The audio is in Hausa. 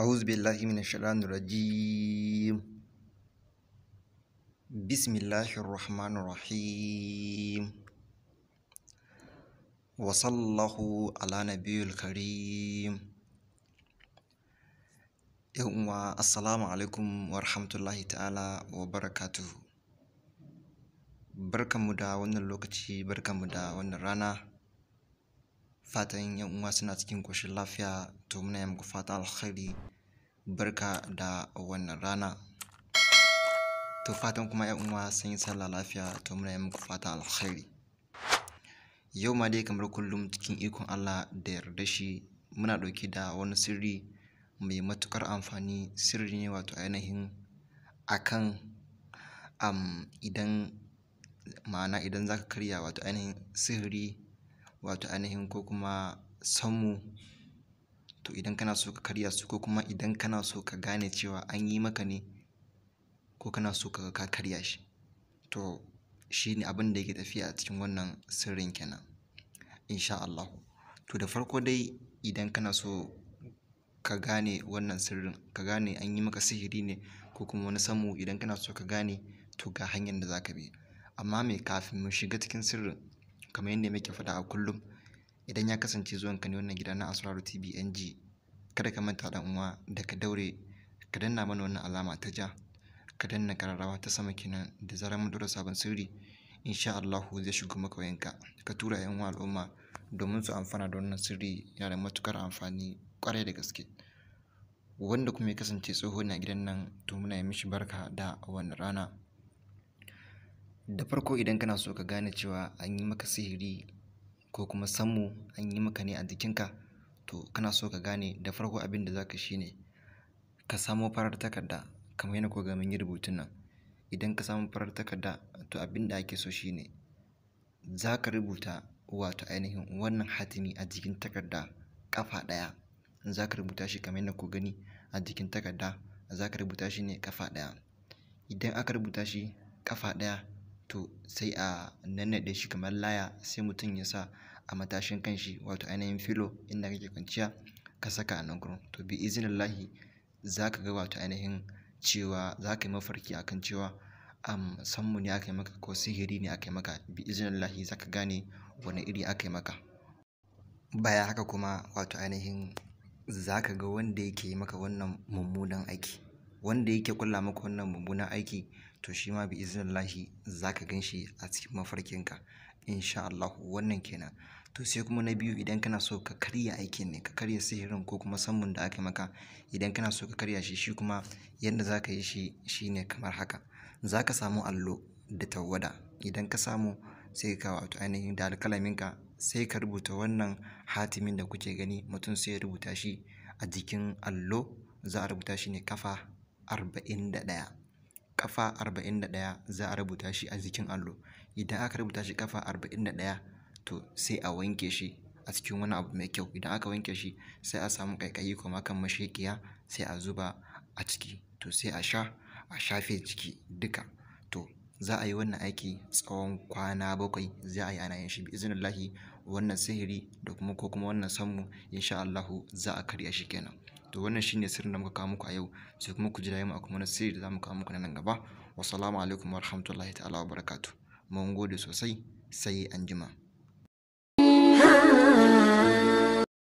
أعوذ بالله من الشيطان الرجيم بسم الله الرحمن الرحيم وصلى الله على نبي الكريم يوم السلام عليكم ورحمة الله تعالى وبركاته barkanmu da wannan lokaci barkanmu da wannan rana Fatan yan uwa suna cikin ƙoshin lafiya to muna yi muku fata alkhairi barka da wannan rana. To fatan kuma yan uwa sun yi sallah lafiya to muna yi muku fata alkhairi. Yau ma dai kamar kullum cikin ikon Allah da yarda shi muna ɗauki da wani sirri mai matukar amfani sirri ne wato ainihin akan um, idan ma'ana idan za karya wato ainihin sirri. wato ainihin ko kuma sammu to idan kana so ka karya su ko kuma idan kana so ka gane cewa an yi maka ne ko kana so ka ka karya shi to shi ne abin da yake tafiya a cikin wannan sirrin kenan insha Allah to da farko dai idan kana so ka gane wannan sirrin ka gane an yi maka sihiri ne ko kuma wani samu idan kana so ka gane to ga hanyar da za ka bi amma mai kafin mu shiga cikin sirrin kamar yadda muke faɗa a kullum idan ya kasance zuwan ka ne wannan gida na Asraru TV NG kada ka manta dan uwa da ka daure ka danna mana wannan alama ta ja ka danna kararrawa ta sama kenan da zarar mun dora sabon sirri insha Allah zai shigo maka wayanka ka tura yan uwa al'umma domin su amfana da wannan sirri yana da matukar amfani kwarai da gaske wanda kuma ya kasance tsoho na gidan nan to muna yi mishi barka da wannan rana da farko idan kana so ka gane cewa an yi maka sihiri ko kuma samu an yi maka ne a jikinka to kana so ka gane da farko abin da shi ne ka samo farar takarda kamar yana ko gamin rubutun nan idan ka samu farar takarda to abin da ake so shi ne. za ka rubuta wato ainihin wannan hatimi a jikin takarda kafa ɗaya za ka rubuta shi kamar yana ko gani a jikin takarda za ka rubuta shi ne kafa ɗaya idan aka rubuta shi kafa ɗaya to sai a nannaɗe shi kamar laya sai mutum ya sa a matashin kanshi wato ainihin filo inda kake kwanciya ka saka a nan gurin to bi izinillahi za ka ga wato ainihin cewa za ka yi mafarki akan cewa am sammu ne aka yi maka ko sihiri ne aka yi maka bi izinillahi za ka gane wani iri aka yi maka baya haka kuma wato ainihin za ka ga wanda yake yi maka wannan mummunan aiki wanda yake kulla maka wannan mummunan aiki to shi ma bi iznillahi za ka gan shi a cikin mafarkinka insha Allah wannan kenan to sai kuma na biyu idan kana so ka karya aikin ne ka karya sihirin ko kuma samun da aka maka idan kana so ka karya shi shi kuma yadda za ka yi shi shi ne kamar haka za ka samu allo da tawada idan ka samu sai ka wato ainihin da alkalaminka sai ka rubuta wannan hatimin da kuke gani mutum sai ya rubuta shi a jikin allo za a rubuta shi ne kafa arba'in da ɗaya ƙafa 41 za a rubuta shi a jikin allo idan aka rubuta shi kafa 41 to sai a wanke shi a cikin wani abu mai kyau idan aka wanke shi sai a samu kaikayi, kuma kan mashekiya sai a zuba a ciki to sai a sha a shafe ciki duka to za a yi wannan aiki tsawon kwana bakwai za a yi ana yin shi bi wannan sihiri da kuma ko kuma wannan sammu insha Allahu za a karya shi kenan To wannan shine sirrin da muka kawo muku a yau sai kuma ku jira mu akwai na sirri da zamu kawo muku nan gaba. Wassalamu alaikum warahmatullahi ta'ala barakatu Mun gode sosai sai anjima.